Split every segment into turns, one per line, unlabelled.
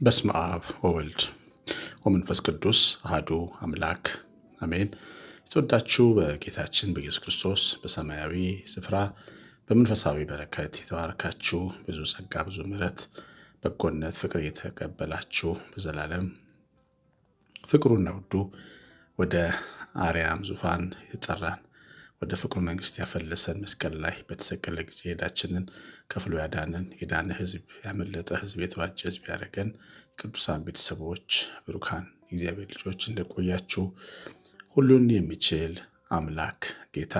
በስመ አብ ወወልድ ወመንፈስ ቅዱስ አህዱ አምላክ አሜን። የተወዳችሁ በጌታችን በኢየሱስ ክርስቶስ በሰማያዊ ስፍራ በመንፈሳዊ በረከት የተባረካችሁ ብዙ ጸጋ፣ ብዙ ምሕረት፣ በጎነት፣ ፍቅር የተቀበላችሁ በዘላለም ፍቅሩና ውዱ ወደ አርያም ዙፋን የጠራን ወደ ፍቅሩ መንግስት ያፈለሰን መስቀል ላይ በተሰቀለ ጊዜ ሄዳችንን ከፍሎ ያዳነን የዳነ ህዝብ ያመለጠ ህዝብ የተዋጀ ህዝብ ያደረገን ቅዱሳን ቤተሰቦች ብሩካን እግዚአብሔር ልጆች እንደቆያችሁ ሁሉን የሚችል አምላክ ጌታ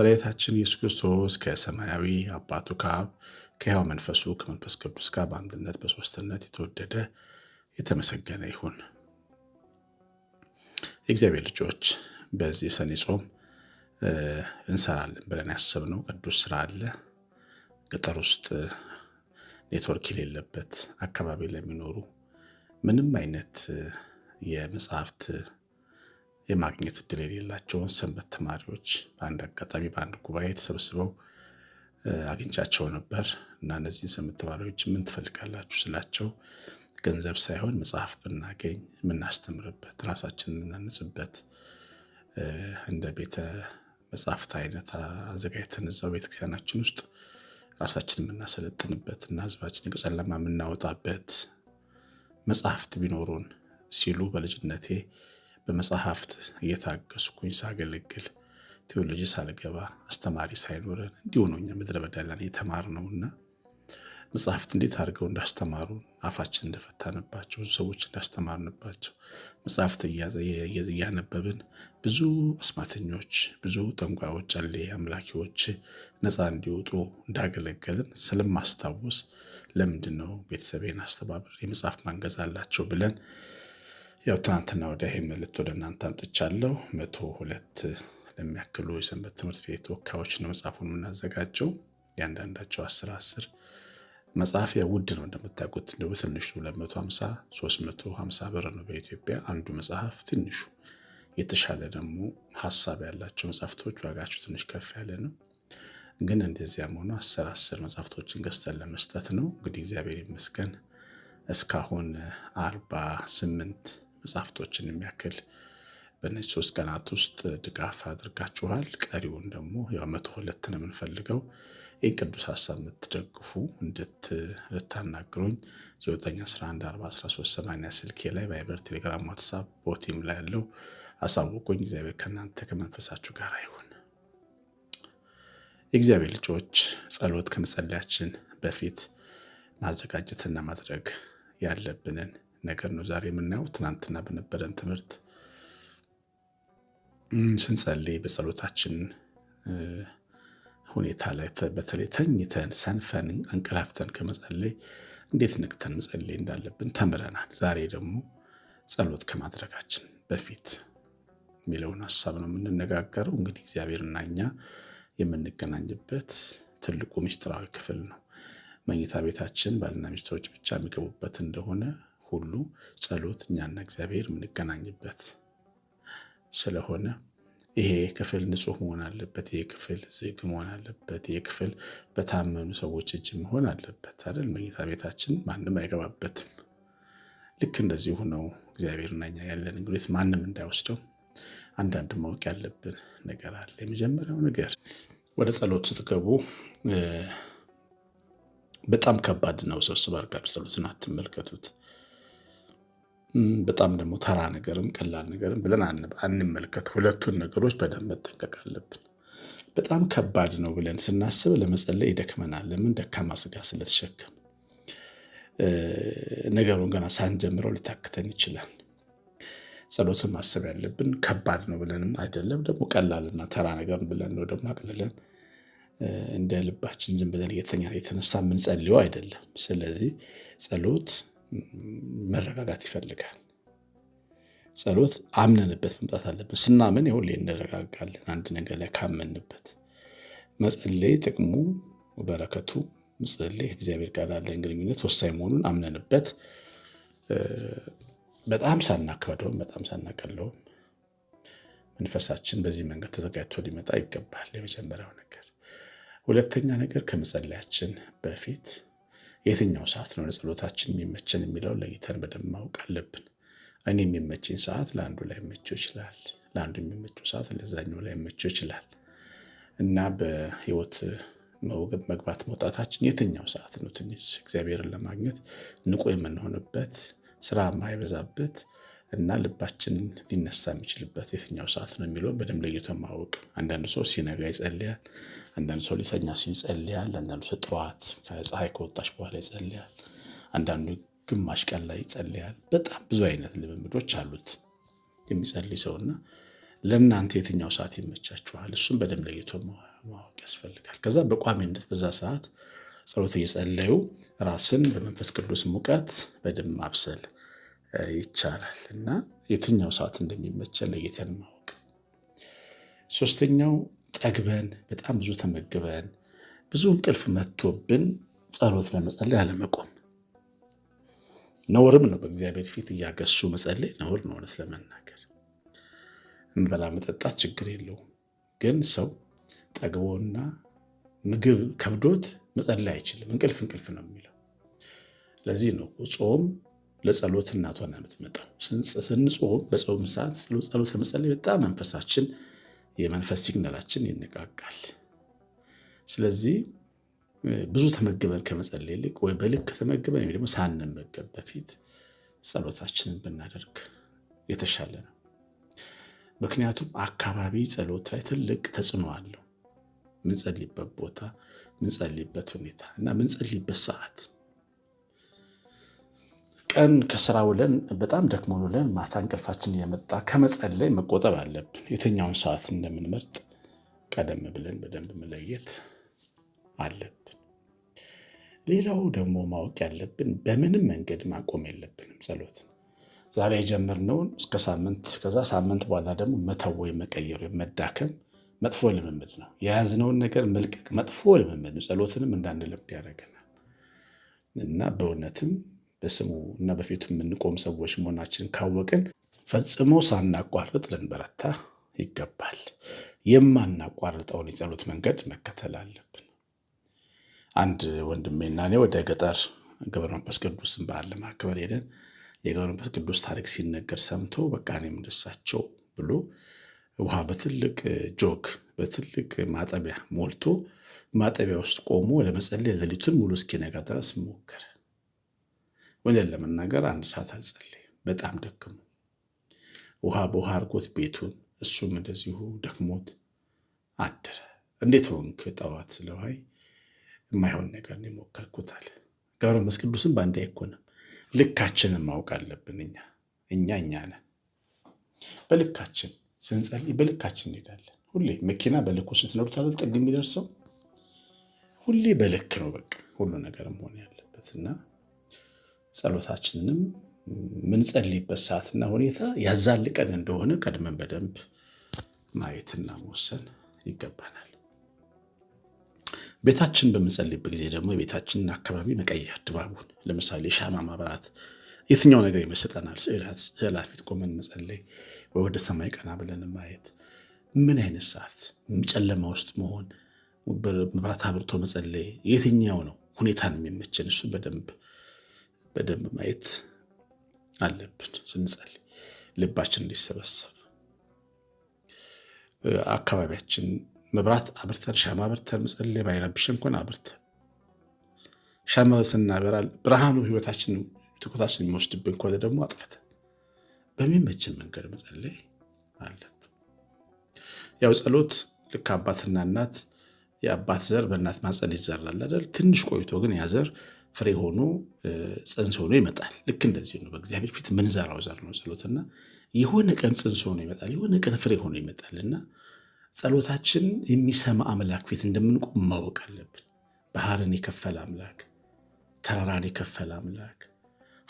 መድኃኒታችን ኢየሱስ ክርስቶስ ከሰማያዊ አባቱ ከአብ ከሕያው መንፈሱ ከመንፈስ ቅዱስ ጋር በአንድነት በሶስትነት የተወደደ የተመሰገነ ይሁን። የእግዚአብሔር ልጆች በዚህ ሰኔ ጾም እንሰራለን ብለን ያሰብነው ቅዱስ ስራ አለ። ገጠር ውስጥ ኔትወርክ የሌለበት አካባቢ ለሚኖሩ ምንም አይነት የመጽሐፍት የማግኘት እድል የሌላቸውን ሰንበት ተማሪዎች በአንድ አጋጣሚ በአንድ ጉባኤ ተሰብስበው አግኝቻቸው ነበር እና እነዚህን ሰንበት ተማሪዎች ምን ትፈልጋላችሁ ስላቸው ገንዘብ ሳይሆን መጽሐፍ ብናገኝ የምናስተምርበት ራሳችንን የምናንጽበት እንደ ቤተ መጽሐፍት አይነት አዘጋጅተን እዛው ቤተክርስቲያናችን ውስጥ ራሳችን የምናሰለጥንበት እና ህዝባችን ከጨለማ የምናወጣበት መጽሐፍት ቢኖሩን ሲሉ በልጅነቴ በመጽሐፍት እየታገስኩኝ ሳገለግል ቴዎሎጂ ሳልገባ አስተማሪ ሳይኖረን እንዲሆነኛ ምድረ በዳ ላይ የተማርነውና መጽሐፍት እንዴት አድርገው እንዳስተማሩ አፋችን እንደፈታንባቸው ብዙ ሰዎች እንዳስተማርንባቸው መጽሐፍት እያነበብን ብዙ አስማተኞች፣ ብዙ ጠንቋዮች፣ ጨሌ አምላኪዎች ነፃ እንዲወጡ እንዳገለገልን ስለማስታወስ ለምንድን ነው ቤተሰቤን አስተባብር የመጽሐፍ ማንገዝ አላቸው ብለን ያው ትናንትና ወደ ይህ መልእክት ወደ እናንተ አምጥቻለሁ። መቶ ሁለት ለሚያክሉ የሰንበት ትምህርት ቤት ተወካዮች ነው መጽሐፉን የምናዘጋጀው። እያንዳንዳቸው አስር አስር መጽሐፊያ ውድ ነው እንደምታውቁት፣ እንደው ትንሹ 250 350 ብር ነው በኢትዮጵያ አንዱ መጽሐፍ ትንሹ። የተሻለ ደግሞ ሀሳብ ያላቸው መጽሐፍቶች ዋጋቸው ትንሽ ከፍ ያለ ነው። ግን እንደዚያም ሆኖ አስር አስር መጽሐፍቶችን ገዝተን ለመስጠት ነው። እንግዲህ እግዚአብሔር ይመስገን እስካሁን አርባ ስምንት መጽሐፍቶችን የሚያክል በነዚህ ሶስት ቀናት ውስጥ ድጋፍ አድርጋችኋል። ቀሪውን ደግሞ የመቶ ሁለት ነው የምንፈልገው። ይህ ቅዱስ ሀሳብ የምትደግፉ እንድታናግሩኝ 9114138 ስልኬ ላይ ቫይበር፣ ቴሌግራም፣ ዋትሳፕ ቦቲም ላይ ያለው አሳውቁኝ። እግዚአብሔር ከእናንተ ከመንፈሳችሁ ጋር ይሁን። የእግዚአብሔር ልጆች ጸሎት ከመጸለያችን በፊት ማዘጋጀትና ማድረግ ያለብንን ነገር ነው ዛሬ የምናየው። ትናንትና በነበረን ትምህርት ስንጸልይ በጸሎታችን ሁኔታ ላይ በተለይ ተኝተን ሰንፈን አንቀላፍተን ከመጸለይ እንዴት ንግተን መጸለይ እንዳለብን ተምረናል። ዛሬ ደግሞ ጸሎት ከማድረጋችን በፊት የሚለውን ሀሳብ ነው የምንነጋገረው። እንግዲህ እግዚአብሔርና እኛ የምንገናኝበት ትልቁ ምስጢራዊ ክፍል ነው። መኝታ ቤታችን ባልና ሚስቶች ብቻ የሚገቡበት እንደሆነ ሁሉ ጸሎት እኛና እግዚአብሔር የምንገናኝበት ስለሆነ ይሄ ክፍል ንጹህ መሆን አለበት፣ ይሄ ክፍል ዝግ መሆን አለበት፣ ይሄ ክፍል በታመኑ ሰዎች እጅ መሆን አለበት አይደል? መኝታ ቤታችን ማንም አይገባበትም። ልክ እንደዚሁ ነው እግዚአብሔርና እኛ ያለን እንግዲህ ማንም እንዳይወስደው አንዳንድ ማወቅ ያለብን ነገር አለ። የመጀመሪያው ነገር ወደ ጸሎት ስትገቡ በጣም ከባድ ነው። ሰብስብ አድርጋችሁ ጸሎትን አትመልከቱት። በጣም ደግሞ ተራ ነገርም ቀላል ነገርም ብለን አንመልከት። ሁለቱን ነገሮች በደንብ መጠንቀቅ አለብን። በጣም ከባድ ነው ብለን ስናስብ ለመጸለይ ይደክመናል። ለምን? ደካማ ስጋ ስለተሸከም ነገሩን ገና ሳንጀምረው ሊታክተን ይችላል። ጸሎትን ማሰብ ያለብን ከባድ ነው ብለንም አይደለም ደግሞ ቀላልና ተራ ነገር ብለን ነው ደግሞ አቅልለን እንደ ልባችን ዝም ብለን የተነሳ የምንጸልየው አይደለም። ስለዚህ ጸሎት መረጋጋት ይፈልጋል። ጸሎት አምነንበት መምጣት አለብን። ስናምን ይሁን እንረጋጋለን። አንድ ነገር ላይ ካመንበት መጸለይ ጥቅሙ በረከቱ መጸለይ እግዚአብሔር ጋር ያለን ግንኙነት ወሳኝ መሆኑን አምነንበት በጣም ሳናከብደውም በጣም ሳናቀለውም መንፈሳችን በዚህ መንገድ ተዘጋጅቶ ሊመጣ ይገባል። የመጀመሪያው ነገር። ሁለተኛ ነገር ከመጸለያችን በፊት የትኛው ሰዓት ነው ለጸሎታችን የሚመቸን የሚለው ለይተን በደንብ ማወቅ አለብን። እኔ የሚመቸኝ ሰዓት ለአንዱ ላይ መቸው ይችላል፣ ለአንዱ የሚመቸው ሰዓት ለዛኛው ላይ መቸው ይችላል እና በህይወት መውገብ መግባት መውጣታችን የትኛው ሰዓት ነው ትንሽ እግዚአብሔርን ለማግኘት ንቁ የምንሆንበት ስራ ማይበዛበት እና ልባችን ሊነሳ የሚችልበት የትኛው ሰዓት ነው የሚለውን በደንብ ለይቶ ማወቅ። አንዳንድ ሰው ሲነጋ ይጸልያል፣ አንዳንድ ሰው ሊተኛ ሲል ይጸልያል፣ አንዳንዱ ሰው ጠዋት ከፀሐይ ከወጣች በኋላ ይጸልያል፣ አንዳንዱ ግማሽ ቀን ላይ ይጸልያል። በጣም ብዙ አይነት ልምምዶች አሉት የሚጸልይ ሰውና ለእናንተ የትኛው ሰዓት ይመቻችኋል? እሱም በደንብ ለይቶ ማወቅ ያስፈልጋል። ከዛ በቋሚነት በዛ ሰዓት ጸሎት እየጸለዩ ራስን በመንፈስ ቅዱስ ሙቀት በደንብ ማብሰል ይቻላል እና የትኛው ሰዓት እንደሚመቸን ለይተን ማወቅ። ሶስተኛው ጠግበን በጣም ብዙ ተመግበን ብዙ እንቅልፍ መጥቶብን ጸሎት ለመጸለይ አለመቆም ነውርም ነው። በእግዚአብሔር ፊት እያገሱ መጸለይ ነውር ነው። እውነት ለመናገር እንበላ መጠጣት ችግር የለውም፣ ግን ሰው ጠግቦና ምግብ ከብዶት መጸለይ አይችልም። እንቅልፍ እንቅልፍ ነው የሚለው። ለዚህ ነው ጾም ለጸሎት እናቷን የምትመጣው። ስንጾም በጾም ሰዓት ጸሎት ለመጸለይ በጣም መንፈሳችን የመንፈስ ሲግናላችን ይነቃቃል። ስለዚህ ብዙ ተመግበን ከመጸለይ ይልቅ ወይ በልክ ከተመግበን ወይ ደግሞ ሳንመገብ በፊት ጸሎታችንን ብናደርግ የተሻለ ነው። ምክንያቱም አካባቢ ጸሎት ላይ ትልቅ ተጽዕኖ አለው። ምንጸልይበት ቦታ፣ ምንጸልይበት ሁኔታ እና ምንጸልይበት ሰዓት ቀን ከስራ ውለን በጣም ደክሞን ውለን ማታ እንቅልፋችን እየመጣ ከመጸለይ መቆጠብ አለብን። የትኛውን ሰዓት እንደምንመርጥ ቀደም ብለን በደንብ መለየት አለብን። ሌላው ደግሞ ማወቅ ያለብን በምንም መንገድ ማቆም የለብንም ጸሎትን። ዛሬ የጀመርነውን እስከ ሳምንት፣ ከዛ ሳምንት በኋላ ደግሞ መተው ወይም መቀየር ወይም መዳከም መጥፎ ልምምድ ነው። የያዝነውን ነገር መልቀቅ መጥፎ ልምምድ ነው። ጸሎትንም እንዳንለምድ ያደረገናል እና በእውነትም በስሙ እና በፊቱ የምንቆም ሰዎች መሆናችን ካወቅን ፈጽሞ ሳናቋርጥ ልንበረታ ይገባል። የማናቋርጠውን የጸሎት መንገድ መከተል አለብን። አንድ ወንድሜና እኔ ወደ ገጠር ገብረ መንፈስ ቅዱስን በዓል ለማክበር ሄደን የገብረ መንፈስ ቅዱስ ታሪክ ሲነገር ሰምቶ በቃ እኔም ደሳቸው ብሎ ውሃ በትልቅ ጆግ በትልቅ ማጠቢያ ሞልቶ ማጠቢያ ውስጥ ቆሞ ለመጸለይ ሌሊቱን ሙሉ እስኪነጋ ድረስ ሞከረ። ወደን ለመናገር አንድ ሰዓት አልጸለይም። በጣም ደክሞ ውሃ በውሃ አድርጎት ቤቱን እሱም እንደዚሁ ደክሞት አደረ። እንዴት ሆንክ ጠዋት ስለውሃይ የማይሆን ነገር ነው የሞከርኩት አለ። ገብረ መንፈስ ቅዱስም በአንድ አይኮንም። ልካችንን ማወቅ አለብን። እኛ እኛ እኛ ነን። በልካችን ስንጸልይ በልካችን እንሄዳለን። ሁሌ መኪና በልኩ ስትነዱት አለ ጥግ የሚደርሰው ሁሌ በልክ ነው። በቃ ሁሉ ነገር መሆን ያለበት እና ጸሎታችንንም ምንጸልይበት ሰዓትና ሁኔታ ያዛልቀን እንደሆነ ቀድመን በደንብ ማየትና መወሰን ይገባናል። ቤታችን በምንጸልይበት ጊዜ ደግሞ የቤታችንን አካባቢ መቀየር ድባቡን። ለምሳሌ ሻማ ማብራት የትኛው ነገር ይመስጠናል? ስዕላት ፊት ቆመን መጸለይ ወይ ወደ ሰማይ ቀና ብለን ማየት። ምን አይነት ሰዓት ጨለማ ውስጥ መሆን፣ መብራት አብርቶ መጸለይ የትኛው ነው ሁኔታን የሚመቸን? እሱ በደንብ በደንብ ማየት አለብን። ስንጸል ልባችን እንዲሰበሰብ አካባቢያችን መብራት አብርተን ሻማ አብርተን ምጸል ባይረብሽ እንኳን አብርተን ሻማ ስናበራ ብርሃኑ ህይወታችን ትኩረታችን የሚወስድብን ከሆነ ደግሞ አጥፍተን በሚመችን መንገድ መጸለይ አለብን። ያው ጸሎት ልክ አባትና እናት የአባት ዘር በእናት ማጸል ይዘራል አይደል? ትንሽ ቆይቶ ግን ያዘር ፍሬ ሆኖ ፅንስ ሆኖ ይመጣል። ልክ እንደዚህ ነው። በእግዚአብሔር ፊት ምንዘራው ዘር ነው ጸሎትና የሆነ ቀን ፅንስ ሆኖ ይመጣል፣ የሆነ ቀን ፍሬ ሆኖ ይመጣል እና ጸሎታችን የሚሰማ አምላክ ፊት እንደምንቆም ማወቅ አለብን። ባህርን የከፈለ አምላክ፣ ተራራን የከፈለ አምላክ፣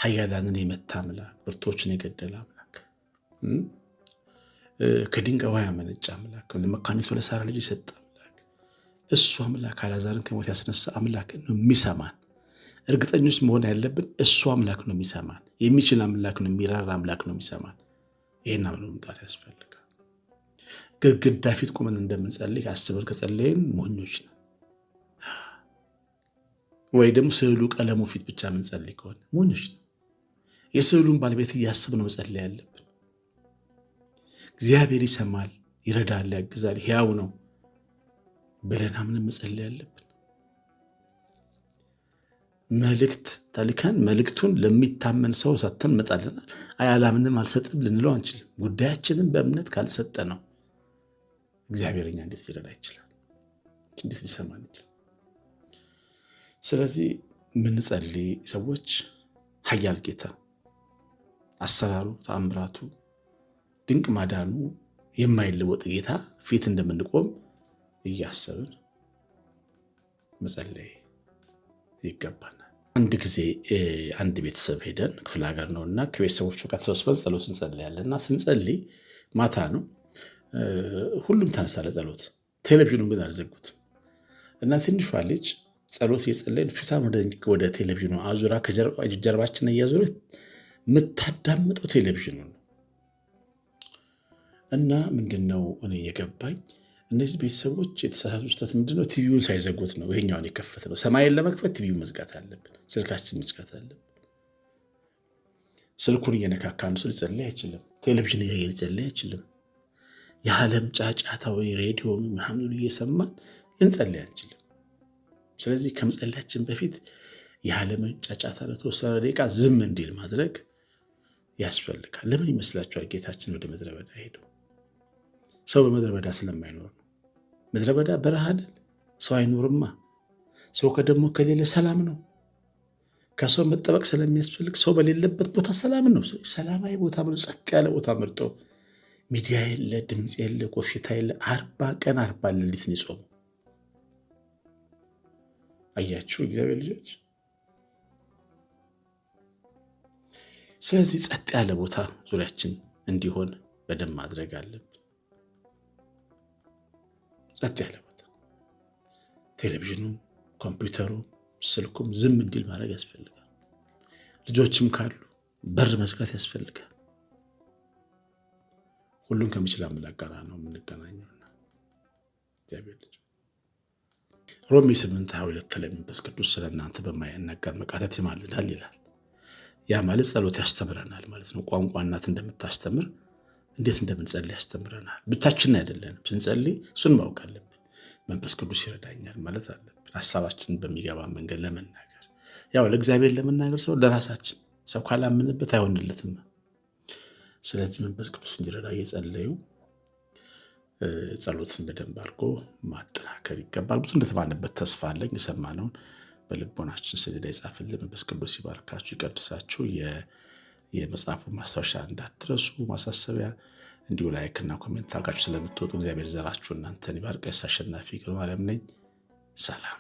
ኃያላንን የመታ አምላክ፣ ብርቶችን የገደለ አምላክ፣ ከድንጋይ ውሃ ያመነጨ አምላክ፣ ለመካኒቱ ለሳራ ልጅ የሰጠ አምላክ፣ እሱ አምላክ አላዛርን ከሞት ያስነሳ አምላክ ነው የሚሰማን እርግጠኞች መሆን ያለብን እሱ አምላክ ነው የሚሰማን፣ የሚችል አምላክ ነው፣ የሚራራ አምላክ ነው የሚሰማን። ይህን አምኖ መምጣት ያስፈልጋል። ግድግዳ ፊት ቁመን እንደምንጸልይ አስበን ከጸለይን ሞኞች ነን። ወይ ደግሞ ስዕሉ ቀለሙ ፊት ብቻ የምንጸልይ ከሆነ ሞኞች ነው። የስዕሉን ባለቤት እያስብ ነው መጸለይ ያለብን። እግዚአብሔር ይሰማል፣ ይረዳል፣ ያግዛል፣ ሕያው ነው ብለን አምነን መጸለይ ያለብን መልእክት ተልከን መልእክቱን ለሚታመን ሰው ሰጥተን እንመጣለናል። አይ አላምንም አልሰጥም ልንለው አንችልም። ጉዳያችንን በእምነት ካልሰጠ ነው እግዚአብሔር እኛ እንዴት ሊረዳ ይችላል? እንዴት ሊሰማን ይችላል? ስለዚህ የምንጸልይ ሰዎች ኃያል ጌታ አሰራሩ፣ ተአምራቱ፣ ድንቅ ማዳኑ የማይለወጥ ጌታ ፊት እንደምንቆም እያሰብን መጸለይ ይገባል። አንድ ጊዜ አንድ ቤተሰብ ሄደን ክፍለ ሀገር ነው እና ከቤተሰቦቹ ጋር ተሰብስበን ጸሎት እንጸልያለን እና ስንጸልይ ማታ ነው። ሁሉም ተነሳ ጸሎት ቴሌቪዥኑን ግን አልዘጉት እና ትንሿ ልጅ ጸሎት እየጸለይን ፊቷን ወደ ቴሌቪዥኑ አዙራ ከጀርባችን እያዙረ የምታዳምጠው ቴሌቪዥኑ ነው እና ምንድነው እኔ የገባኝ እነዚህ ቤተሰቦች የተሳሳቱ ስህተት ምንድነው? ቲቪውን ሳይዘጉት ነው ይሄኛውን የከፈት ነው። ሰማይን ለመክፈት ቲቪውን መዝጋት አለብን። ስልካችን መዝጋት አለብን። ስልኩን እየነካካ አንድ ሰው ሊጸልይ አይችልም። ቴሌቪዥን እያየ ሊጸልይ አይችልም። የዓለም ጫጫታዊ ሬዲዮን ምናምን እየሰማን ልንጸልይ አንችልም። ስለዚህ ከመጸለያችን በፊት የዓለምን ጫጫታ ለተወሰነ ደቂቃ ዝም እንዲል ማድረግ ያስፈልጋል። ለምን ይመስላችኋል ጌታችን ወደ ምድረ በዳ ሄደው ሰው በምድረ በዳ ስለማይኖር ነው። ምድረ በዳ በረሃ አይደል? ሰው አይኖርማ። ሰው ከደግሞ ከሌለ ሰላም ነው። ከሰው መጠበቅ ስለሚያስፈልግ ሰው በሌለበት ቦታ ሰላም ነው። ሰላማዊ ቦታ ብሎ ጸጥ ያለ ቦታ መርጦ ሚዲያ የለ፣ ድምፅ የለ፣ ቆሽታ የለ። አርባ ቀን አርባ ሌሊት ነው አያችሁ እግዚአብሔር ልጆች። ስለዚህ ጸጥ ያለ ቦታ ዙሪያችን እንዲሆን በደንብ ማድረግ አለብን። ጸጥ ያለ ቦታ፣ ቴሌቪዥኑም፣ ኮምፒውተሩ ስልኩም ዝም እንዲል ማድረግ ያስፈልጋል። ልጆችም ካሉ በር መዝጋት ያስፈልጋል። ሁሉም ከሚችል አምላክ ጋር ነው የምንገናኘውና እግዚአብሔር ልጅ ሮሜ ስምንት ሀያ ሁለት ላይ መንፈስ ቅዱስ ስለ እናንተ በማይናገር መቃተት ይማልዳል ይላል። ያ ማለት ጸሎት ያስተምረናል ማለት ነው። ቋንቋ እናት እንደምታስተምር እንዴት እንደምንጸል ያስተምረናል። ብቻችንን አይደለንም ስንጸልይ፣ እሱን ማወቅ አለብን። መንፈስ ቅዱስ ይረዳኛል ማለት አለብን። ሀሳባችንን በሚገባ መንገድ ለመናገር ያው ለእግዚአብሔር ለመናገር ሰው ለራሳችን ሰው ካላምንበት አይሆንለትም። ስለዚህ መንፈስ ቅዱስ እንዲረዳ እየጸለዩ ጸሎትን በደንብ አድርጎ ማጠናከር ይገባል። ብዙ እንደተባልንበት ተስፋ አለኝ። የሰማነውን በልቦናችን ስሌዳ የጻፈልን መንፈስ ቅዱስ ይባርካችሁ፣ ይቀድሳችሁ። የመጽሐፉ ማስታወሻ እንዳትረሱ ማሳሰቢያ። እንዲሁ ላይክና ኮሜንት አድርጋችሁ ስለምትወጡ እግዚአብሔር ዘራችሁ እናንተን ይባርክ። አሸናፊ ገብረማርያም ነኝ። ሰላም